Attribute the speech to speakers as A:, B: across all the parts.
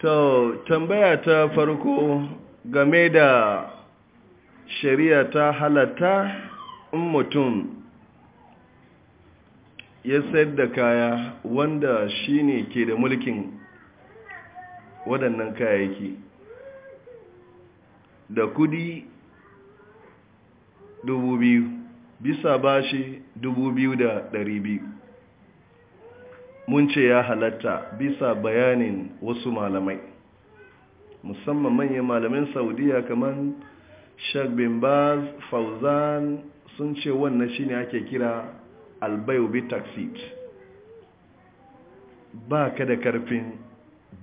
A: To, tambaya ta farko game da shari'a ta halatta in mutum ya sayar da kaya wanda shi ne ke da mulkin waɗannan kayayyaki da kudi dubu biyu bisa bashi dubu biyu da ɗari biyu mun ce ya halatta bisa bayanin wasu malamai musamman manyan malamin saudiya kamar Sheikh bin Baz Fauzan sun ce wannan shi ne ake kira albayu bi taksit ba ka da karfin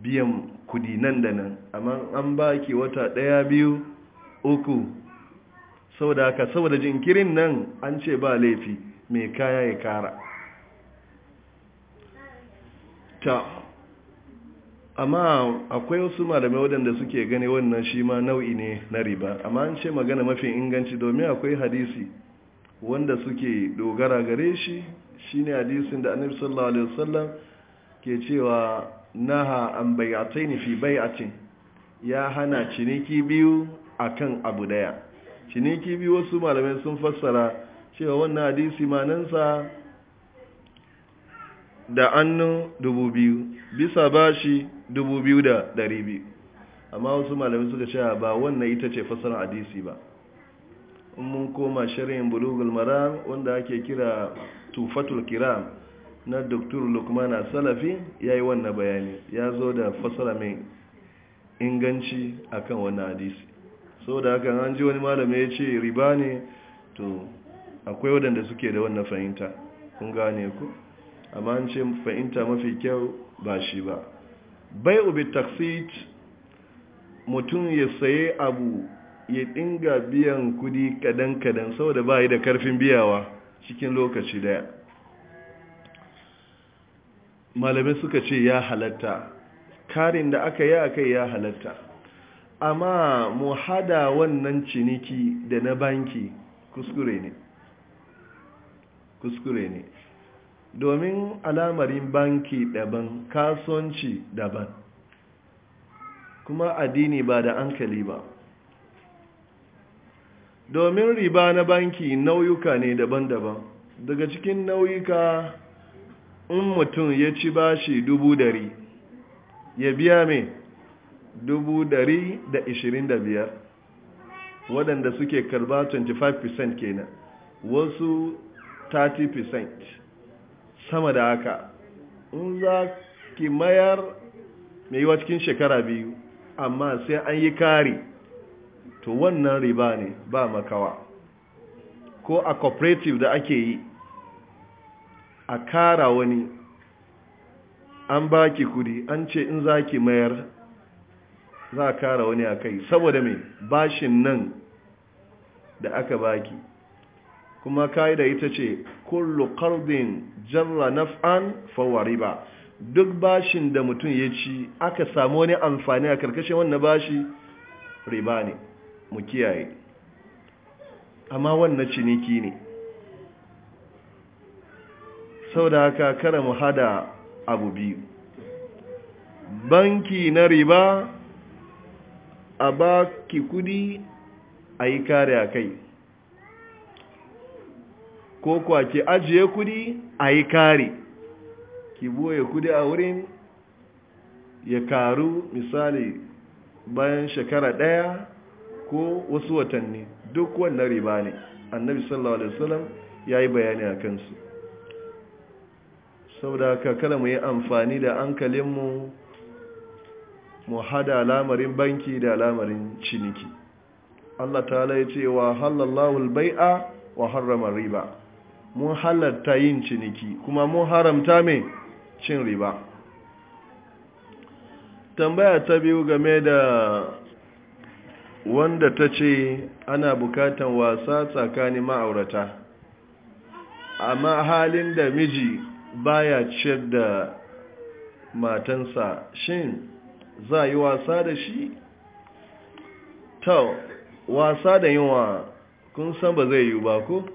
A: biyan kudi nan da nan amma an ba baki wata daya biyu uku saboda haka saboda jinkirin nan an ce ba laifi mai kaya ya kara ta amma akwai wasu malamai waɗanda suke gane wannan shi ma nau'i ne na riba amma an ce magana mafi inganci domin akwai hadisi wanda suke dogara gare shi shine hadisin da annabi sallallahu alaihi wasallam ke cewa naha an bai'ataini fi bai'atin ya hana ciniki biyu akan abu daya ciniki biyu wasu malamai sun fassara cewa wannan hadisi manansa da annu dubu biyu bisa bashi dubu biyu da dari biyu amma wasu malamai suka ce ba wannan ita ce fasarar hadisi ba in mun koma shirin bulugul maram wanda ake kira tufatul kiram na dr lukmana salafi ya yi wannan bayani ya zo da fasara mai inganci akan wannan hadisi so da hakan an ji wani malamai ya ce riba ne to akwai waɗanda suke da wannan fahimta kun gane ku amma an ce fahimta mafi kyau ba shi ba bai ubi taksit mutum ya saye abu ya dinga biyan kudi kadan-kadan saboda ba yi da karfin biyawa cikin lokaci daya malamai suka ce ya halatta karin da aka yi aka ya halatta amma mu hada wannan ciniki da na banki kuskure ne kuskure ne domin alamarin banki daban kasuwanci daban kuma addini ba da hankali ba domin riba na banki nauyuka ne daban-daban daga cikin nauyuka in mutum ya ci bashi dubu dari ya biya mai dubu dari da ishirin da biyar waɗanda suke karba 25% kenan wasu 30% sama da haka in za ki mayar mai yiwa cikin shekara biyu amma sai an yi kari to wannan riba ne ba makawa ko a cooperative da ake yi a kara wani an baki kudi an ce in za ki mayar za a kara wani a kai saboda mai bashin nan da aka baki kuma ka'ida ita ce kullu qardin jarra naf'an fa riba duk bashin da mutum ya ci aka samu wani amfani a karkashin wannan bashi riba ne mu kiyaye amma wannan ciniki ne sau da haka kara mu hada abu biyu banki na riba a baki kudi a yi kare a kai ko kwa ki ajiye kudi a yi kare ki boye kudi a wurin ya karu misali bayan shekara ɗaya ko wasu watanni duk wannan riba ne annabi sallallahu alaihi wasallam ya yi bayani a kansu saboda haka kada mu yi amfani da hankalinmu mu hada alamarin banki da alamarin ciniki Allah ta ya ce wa halallahu albai'a wa harrama riba mun halatta yin ciniki kuma mun haramta mai cin riba tambaya ta biyu game da wanda ta ce ana bukatan wasa tsakanin ma'aurata amma halin da miji baya ciyar da matansa shin za yi wasa da shi? ta wasa da yinwa kun san ba zai yi ba ko?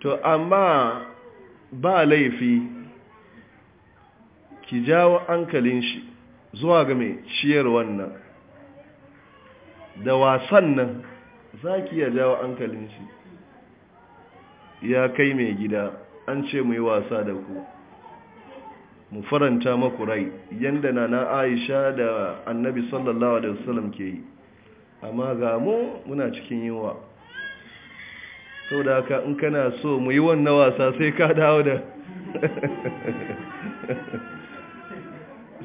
A: to amma ba laifi ki jawo ankalin shi zuwa ga mai ciyar wannan da wasan nan za ki ya jawo hankalin shi ya kai mai gida an ce mu wasa da ku mu faranta maku rai yadda na na aisha da annabi sallallahu alaihi wasallam ke yi amma ga mu muna cikin yunwa. Sau da haka in kana so mu yi wannan wasa sai ka dawo da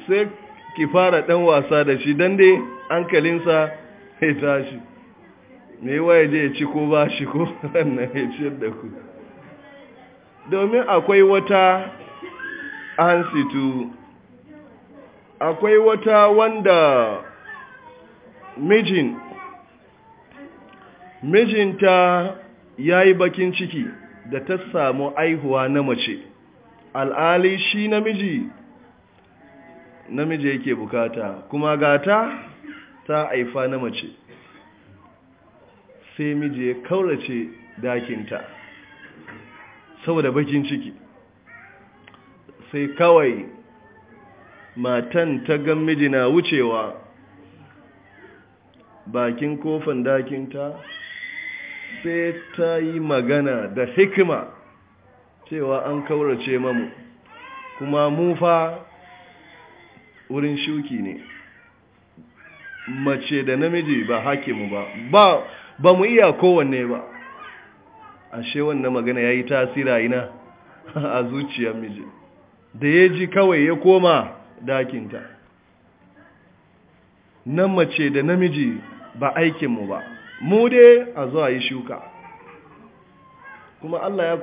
A: sai ki fara dan wasa da shi don dai hankalinsa ya tashi me waye je ci ko ba shi ko wannan ya ciyar da ku domin akwai wata ansitu akwai wata wanda mijin mijinta ya yi bakin ciki da ta samu aihuwa na mace al'ali shi namiji namiji yake bukata kuma gata ta haifa na mace sai miji ya kaurace dakinta saboda bakin ciki sai kawai matan ta gan miji na wucewa bakin kofin dakinta sai ta yi magana da hikima cewa an kaurace mamu kuma mufa wurin shuki ne mace da namiji ba hakimu ba ba ba mu iya kowanne ba ashe wannan magana ya yi tasira ina a zuciyar miji da ya ji kawai ya koma dakinta nan mace da namiji ba aikinmu ba mu dai a zuwa yi shuka kuma Allah ya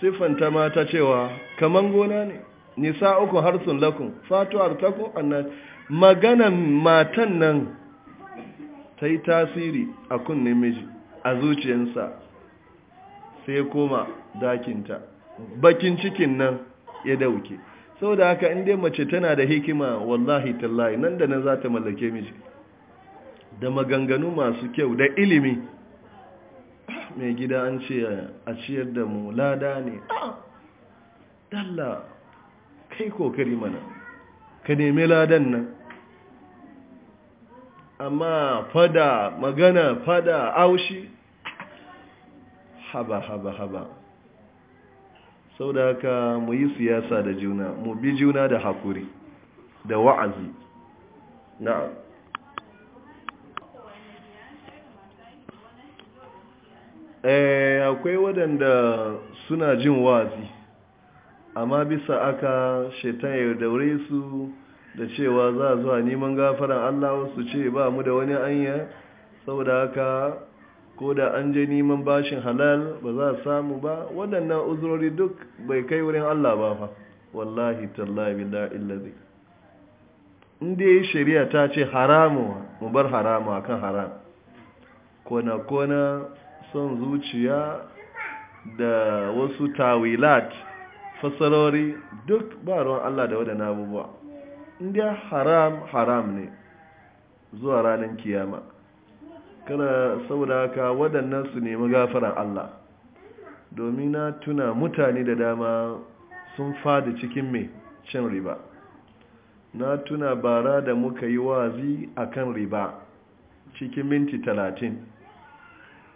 A: siffanta mata cewa kaman gona ne nisa uku harsun lakun fatuwar takun annan maganan matan nan ta yi tasiri a kunne miji a zuciyarsa sai koma dakinta bakin cikin nan ya dauke sau da haka inda mace tana da hikima wallahi tallahi nan da nan za ta mallake miji da maganganu masu kyau da ilimi mai gida an ce a ciyar da mu lada ne ah, dalla kai kokari mana ka nemi ladan nan amma fada magana fada aushi haba haba haba sau da haka mu yi siyasa da juna mu bi juna da hakuri da wa'azi na'am eh akwai waɗanda suna jin wazi amma bisa aka shetan ya daure su da cewa za zuwa neman gafaran Allah su ce ba mu da wani anya saboda haka ko da an je neman bashin halal ba za a samu ba waɗannan uzurori duk bai kai wurin Allah ba fa wallahi tallahi billahi illazi inda shari'a ta ce haramu mu bar haramu akan haram kona kona son zuciya da wasu tawilat fasarori duk ba ruwan Allah da wadana abubuwa indiya haram haram ne zuwa ranar kiyama kana saboda haka waɗannan su nemi gafaran Allah domin na tuna mutane da dama sun fada cikin mai cin riba na tuna bara da muka yi wazi akan riba cikin minti talatin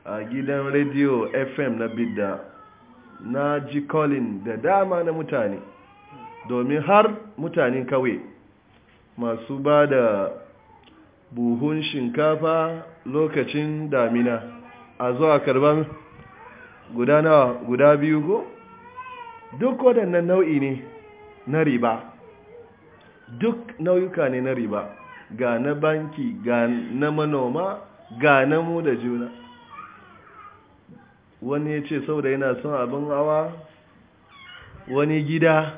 A: a gidan rediyo fm na bidda na ji colin da dama na mutane domin har mutane kawai masu ba da buhun shinkafa lokacin damina a zuwa karban guda guda biyu ko duk waɗannan nau'i ne na riba duk nau'uka ne na riba ga na banki ga na manoma ga na mu da juna wani ya ce saboda yana son abin hawa wani gida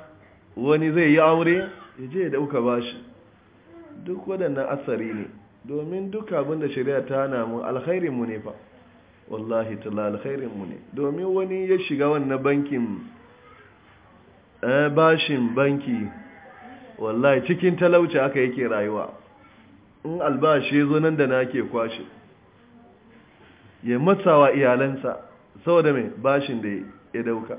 A: wani zai yi aure ya je ya dauka bashi duk waɗannan asari ne domin duk abin da shari'a ta na mu alkhairinmu ne fa wallahi tala alkhairinmu ne domin wani ya shiga wannan bankin eh, bashin banki wallahi cikin talauci aka yake rayuwa in albashi zo nan da na ke kwashe ya matsawa iyalansa saboda mai bashin da ya dauka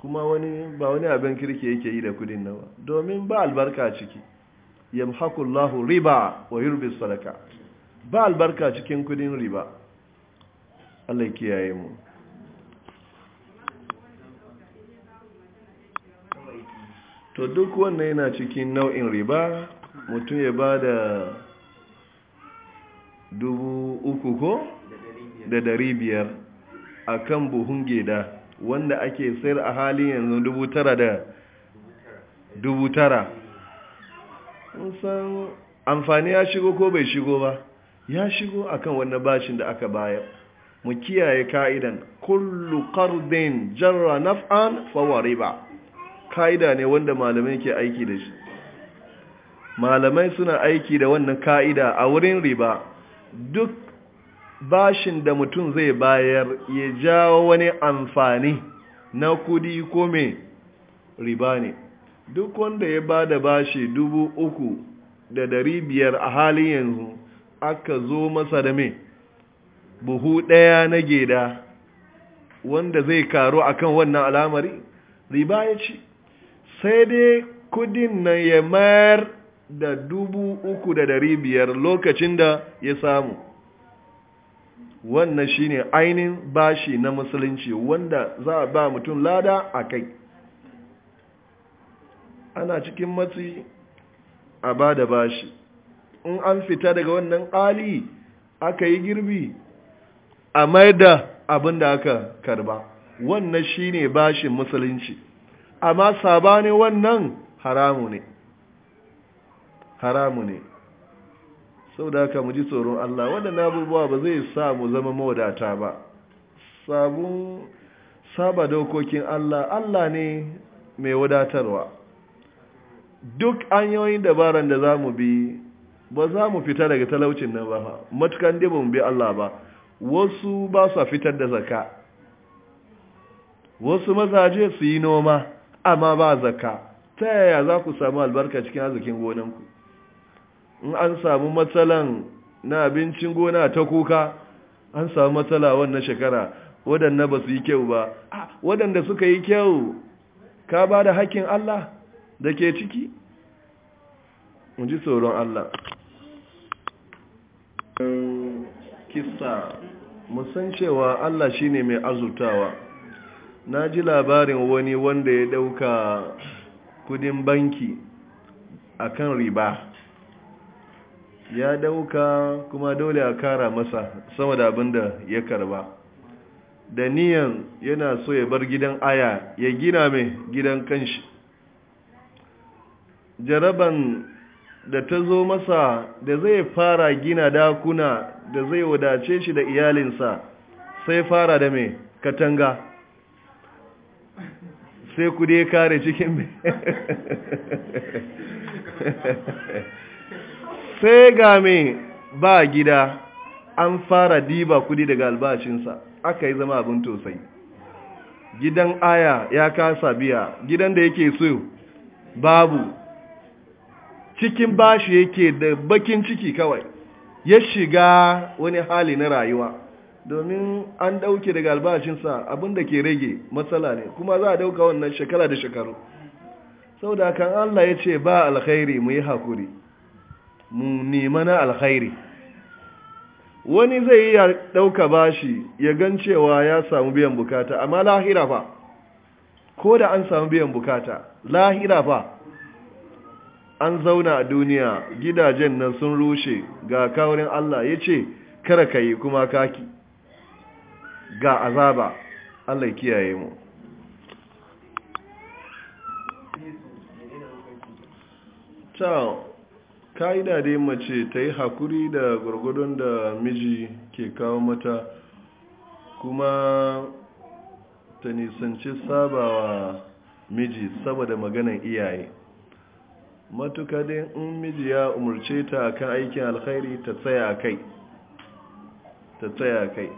A: kuma wani ba wani abin kirki yake yi da kudin nawa domin ba albarka ciki yamhaqullahu riba wa yurbi sadaka ba albarka cikin kudin riba Allah kiyaye mu to duk wannan yana cikin nau'in riba mutum ya ba da dubu uku ko da dari biyar a kan buhun geda wanda ake sayar a halin yanzu dubu tara da dubu tara san amfani ya shigo ko bai shigo ba ya shigo akan wannan bashin da aka bayar mu kiyaye ka'idan kullu qardin jarra naf'an fa riba ka'ida ne wanda malamai ke aiki da shi malamai suna aiki da wannan ka'ida a wurin riba duk bashin da mutum zai bayar ya jawo wani amfani na kudi ko mai riba ne duk wanda ya ba da bashi dubu uku da dari biyar a halin yanzu aka zo masa da mai buhu ɗaya na geda wanda zai karu akan wannan alamari riba ya ci sai dai kudin nan ya mayar da dubu uku da dari biyar lokacin da ya samu wannan shine ainihin bashi na musulunci wanda za a ba mutum lada a kai ana cikin matsi a ba da bashi in an fita daga wannan ƙali aka yi girbi a da abin da aka karba wannan shine bashin musulunci amma sabani wannan haramu ne haramu ne saboda haka mu ji tsoron Allah waɗannan abubuwa ba zai sa mu zama mawadata ba sabon saba dokokin Allah Allah ne mai wadatarwa duk hanyoyin dabaran da za mu bi ba za mu fita daga talaucin nan ba matukan dai ba mu bi Allah ba wasu ba su fitar da zaka wasu mazaje su yi noma amma ba zaka ta yaya za ku samu albarka cikin arzikin gonanku in an samu matsalan na abincin gona ta kuka an samu matsala wannan shekara waɗanda ba su yi kyau ba ah, waɗanda suka yi kyau ka ba da haƙƙin Allah da ke ciki in ji tsoron Allah kissa musan cewa Allah shine mai azutawa na ji labarin wani wanda ya ɗauka kudin banki akan riba ya dauka kuma dole a kara masa sama da abin da ya karba da niyan yana so ya bar gidan aya ya gina mai gidan kanshi jaraban da ta zo masa da zai fara gina dakuna da zai wadace shi da iyalinsa sai fara da mai katanga sai ku dai kare cikin mai sai ga mai ba gida an fara diba kudi daga albashinsa aka yi zama abin tosai gidan aya ya kasa biya gidan da yake so babu cikin bashi yake da bakin ciki kawai ya shiga wani hali na rayuwa domin an dauke daga albashinsa abin da ke rage matsala ne kuma za a dauka wannan shekara da shekaru sau da kan Allah ya ce ba alkhairi mu yi hakuri mu nema na alkhairi wani zai iya ɗauka bashi ya gan cewa ya samu biyan bukata amma lahira fa ko da an samu biyan bukata lahira fa an zauna a duniya gidajen nan sun rushe ga kawurin Allah ya ce kara ka yi kuma kaki ga azaba Allah kiyaye mu ciao ka'ida dai mace ta yi haƙuri da gwargwadon da miji ke kawo mata kuma ta nisanci sabawa miji saboda maganan iyaye matuka dai in miji ya umarce ta kan aikin alkhairi ta tsaya kai ta tsaya kai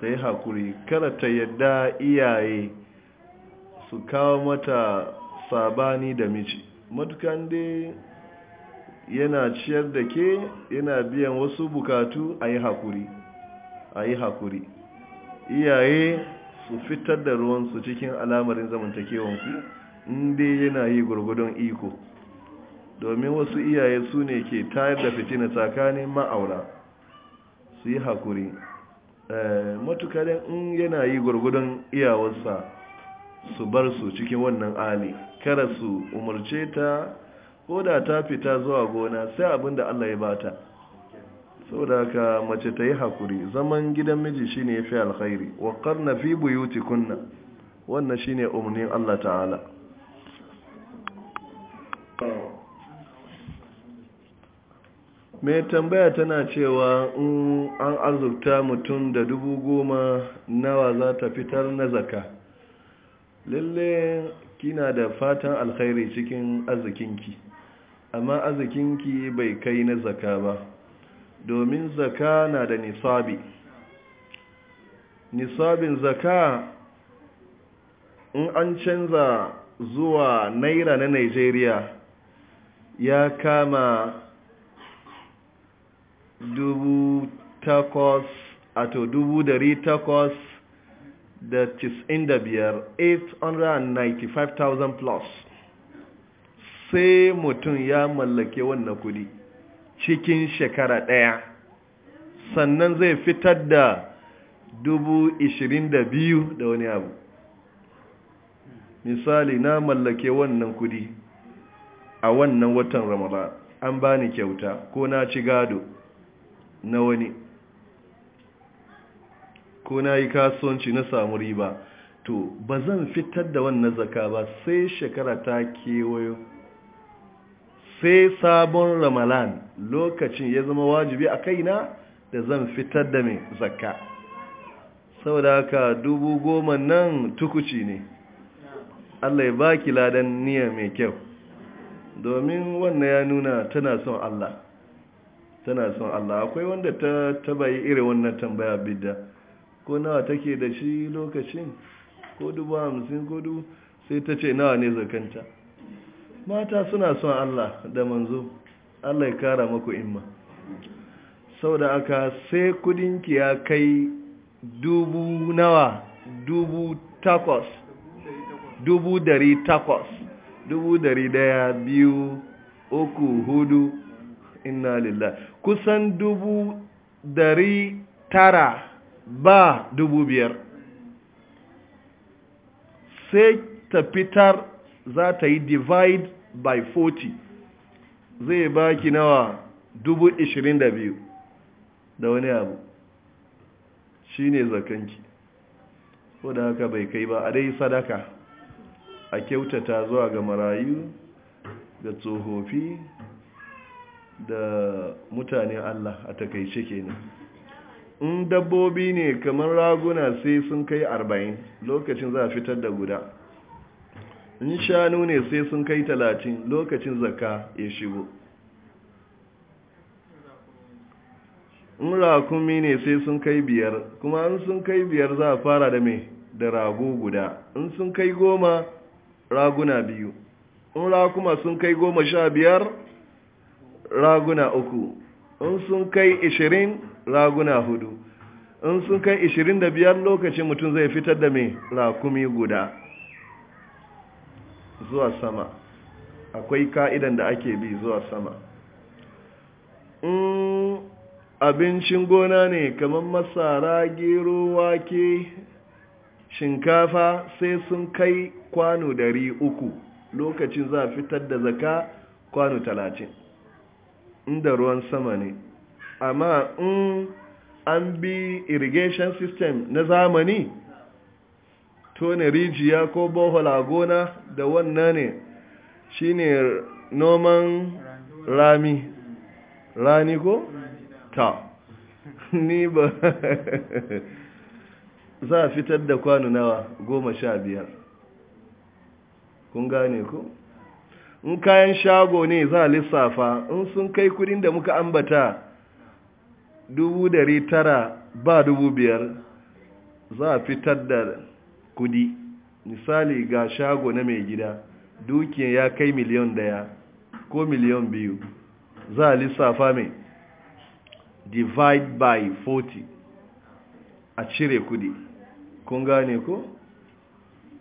A: ta yi haƙuri kada ta yadda iyaye su kawo mata sabani da miji matukan dai yana ciyar da ke yana biyan wasu bukatu a yi haƙuri a yi haƙuri iyaye su fitar da ruwansu cikin alamarin zamantakewansu inda yana yi gurgudun iko domin wasu iyaye su ne ke tayar da fitina tsakanin ma'aura su yi haƙuri eh, matukarin in yana yi gurgudun iyawarsa su bar su cikin wannan ali kara su umarce ta ko da ta fita zuwa gona sai abin da Allah ya bata saboda ka mace ta yi hakuri zaman gidan miji shine fi alkhairi wa qarna fi buyutikunna wannan shine umarnin Allah ta'ala mai tambaya tana cewa in an arzuta mutum da dubu goma nawa za ta fitar na zaka lalle kina da fatan alkhairi cikin arzikinki amma arzikinki bai kai na zaka ba domin zaka na da nisabi nisabin zaka in an canza zuwa naira na nigeria ya kama dubu takwas ato dubu dari takwas da cis inda biyar 895,000 plus sai mutum ya mallake wannan kudi cikin shekara ɗaya sannan zai fitar da dubu ishirin da biyu da wani abu misali na mallake wannan kudi a wannan watan ramadan an bani kyauta ko na ci gado na wani ko na yi kasuwanci na samu riba to ba zan fitar da wannan zaka ba sai shekara ta kewayo sai sabon ramalan lokacin ya zama wajibi a kaina da zan fitar da mai zakka saboda haka dubu goma nan tukuci ne Allah ya baki ladan niyya mai kyau domin wannan ya nuna tana son Allah tana son Allah akwai wanda ta taba yi irin wannan tambaya bidda ko nawa take da shi lokacin ko dubu hamsin ko dubu sai ta ce nawa ne zakanta mata suna son Allah da manzo Allah ya kara maku imma sau da aka sai kudinki ya kai dubu nawa dubu takwas dubu dari takwas dubu dari daya biyu uku hudu inna lillah kusan dubu dari tara ba dubu biyar sai ta fitar za ta yi divide by 40 zai baki nawa dubu ishirin da wani abu shi ne zakanki ko da haka bai kai ba a dai sadaka a kyautata zuwa ga marayu ga tsohofi da mutane Allah a takaice kenan in dabbobi ne kamar raguna sai sun kai arba'in lokacin za a fitar da guda in shanu ne sai sun kai talatin lokacin zaka ya shigo in rakumi ne sai sun kai biyar kuma in sun kai biyar za a fara da mai da rago guda in sun kai goma raguna biyu in rakuma sun kai goma sha biyar raguna uku in sun kai ishirin raguna hudu in sun kai ishirin da biyar lokacin mutum zai fitar da mai rakumi guda zuwa sama akwai ka'idan da ake bi zuwa sama in mm, abincin gona ne kamar masara gero wake shinkafa sai sun kai kwano dari uku lokacin za a fitar da zaka kwano talatin inda ruwan sama ne amma in an bi irrigation system na zamani tone rijiya ko bohol a gona da wannan ne shine noman rami rani ko? ta ni ba za a fitar da kwanu nawa goma sha biyar kun gane ku in kayan shago ne za a lissafa in sun kai kudin da muka ambata dubu dari tara ba dubu biyar za a fitar da kudi misali ga shago na mai gida dukiya ya kai miliyan daya ko miliyon biyu za a lissafa mai divide by 40 a cire kudi kun gane ko?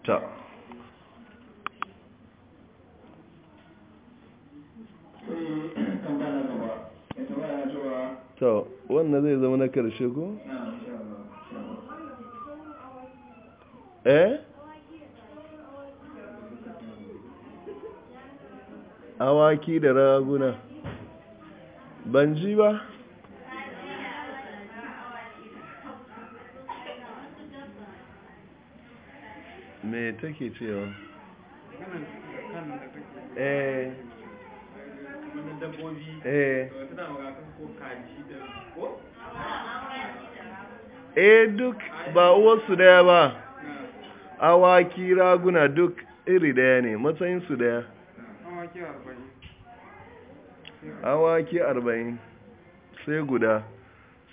A: ta wannan zai zama na karshe ko? eh awaki da raguna ban ji ba me take cewa eh eh eh duk ba uwarsu daya ba awaki raguna duk iri daya ne matsayinsu daya awaki arba'in sai guda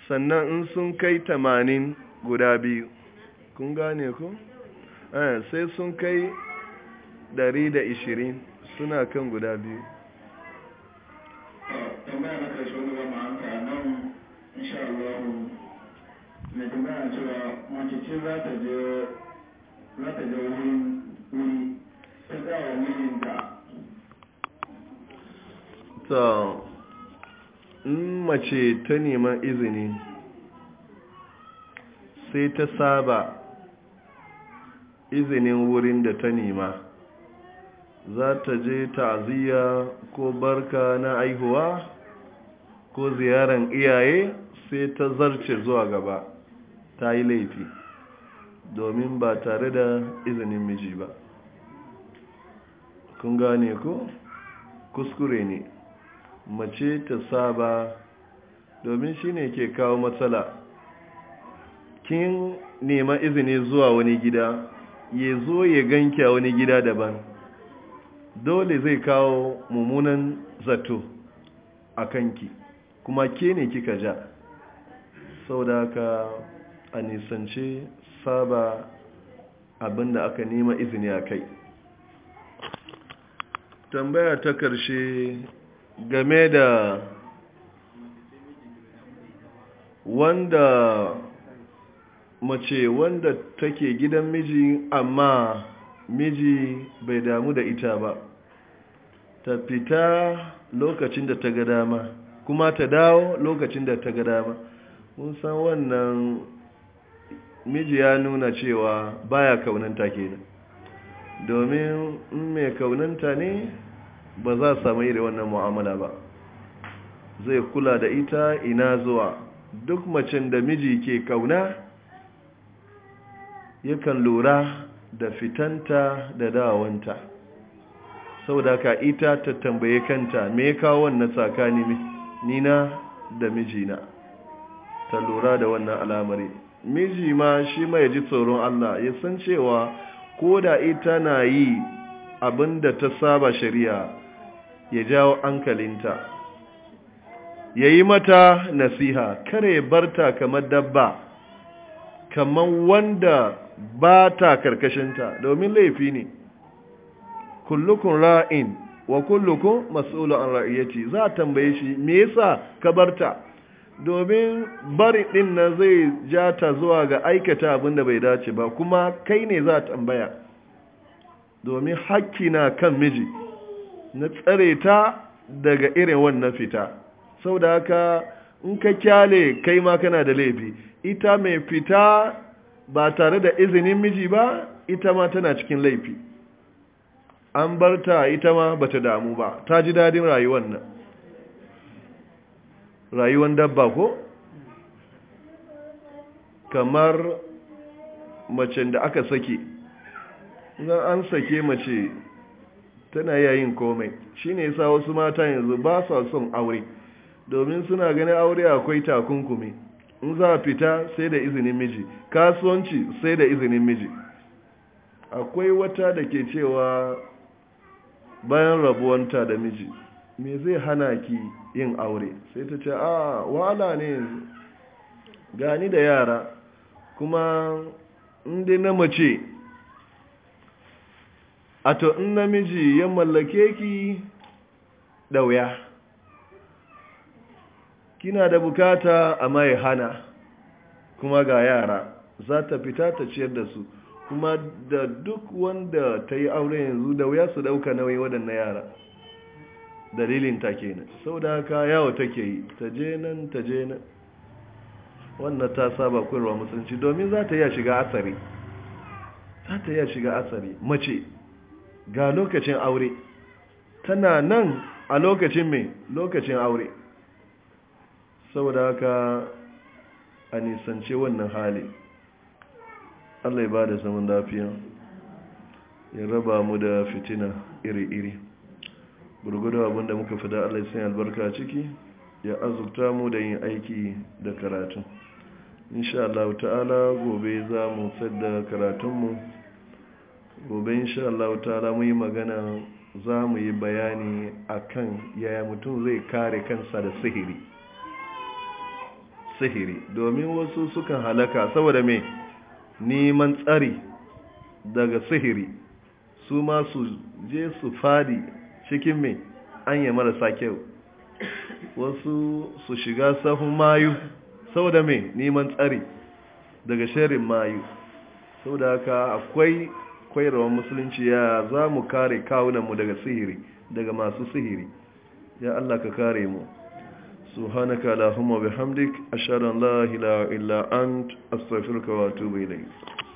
A: sannan in sun kai tamanin guda biyu kun gane ku? Eh, sai sun kai dari da ishirin suna kan guda biyu mai tambaya cewa mace ce za ta je ta mace ta neman izini sai ta saba izinin wurin da ta nema za ta je ta'aziyya ko barka na aihuwa ko ziyaran iyaye sai ta zarce zuwa gaba ta yi laifi domin ba tare da izinin miji ba kun gane ko kuskure ne mace ta saba domin shi ne ke kawo matsala kin nema izini zuwa wani gida ya zo ya ganki a wani gida daban dole zai kawo mummunan zato a kanki kuma ke ne kika ja sau da aka a nisance saba abinda aka nema izini a kai tambaya ta karshe game da wanda mace wanda take gidan miji amma miji bai damu da ita ba ta fita lokacin da ta ga dama kuma ta dawo lokacin da ta ga dama mun san wannan miji ya nuna cewa baya kaunanta kenan domin in mai kaunanta ne ba za samu iri wannan mu'amala ba zai kula da ita ina zuwa duk macen da miji ke kauna yakan lura da fitanta da dawanta saboda ka ita ta tambaye kanta me kawo wannan tsakani nina da mijina ta lura da wannan al'amari miji ma shi mai ji tsoron Allah ya san cewa ko da ita na yi abin da ta saba shari'a ya jawo ankalinta ya yi mata nasiha kare barta kamar dabba kamar wanda ba ta karkashinta domin laifi ne kullukun ra'in wa kullukun mas'ulun an ra'ayyaci za a tambaye shi me yasa ka barta domin bari ɗin na zai ja ta zuwa ga aikata abin da bai dace ba kuma kai ne za tambaya domin haƙƙi na kan miji na tsare ta daga irin wannan fita sau da haka in ka kyale kai ma kana da laifi ita mai fita ba tare da izinin miji ba ita ma tana cikin laifi an bar ta ita ma ba ta damu ba ta ji dadin rayuwar nan rayuwan dabba ko kamar macen da aka sake zan an sake mace tana yayin komai shi ne sa wasu mata yanzu ba sa son aure domin suna ganin aure akwai takunkumi in za a fita sai da izinin miji kasuwanci sai da izinin miji akwai wata da ke cewa bayan rabuwanta da miji me zai hana ki yin aure sai ta ce a ah, wahala ne yanzu gani da yara kuma inda na mace a to in namiji ya mallake ki dauya kina da bukata a mai hana kuma ga yara za ta fita ta ciyar da su kuma da duk wanda ta yi aure yanzu da wuya su dauka nauyi waɗannan yara dalilin ta kenan da haka yawo take yi ta je nan ta je nan wannan ta saba koyarwa musulunci domin za ta iya shiga asari za ta iya shiga asari mace ga lokacin aure tana nan a lokacin mai lokacin aure da haka a nisance wannan hali Allah ya ba da zaman lafiya ya raba mu da fitina iri-iri gurgudu abinda muka fada Allah ya albarka ciki ya azurta mu da yin aiki da karatu insha Allah ta'ala gobe za mu sadda karatunmu gobe insha Allah ta'ala mu yi magana za mu yi bayani akan yaya mutum zai kare kansa da sihiri sihiri domin wasu sukan halaka saboda mai neman tsari daga sihiri su ma su je su fadi cikin mai an yi marasa kyau wasu su shiga sahun mayu Sau da mai neman tsari daga shirin mayu Sau da haka akwai kwayarwar musulunci ya za mu kare kawunanmu daga sihiri daga masu sihiri ya Allah ka kare mu subhanaka allahumma bihamdik ashhadu an la ilaha illa ant astaghfiruka wa atubu ilayk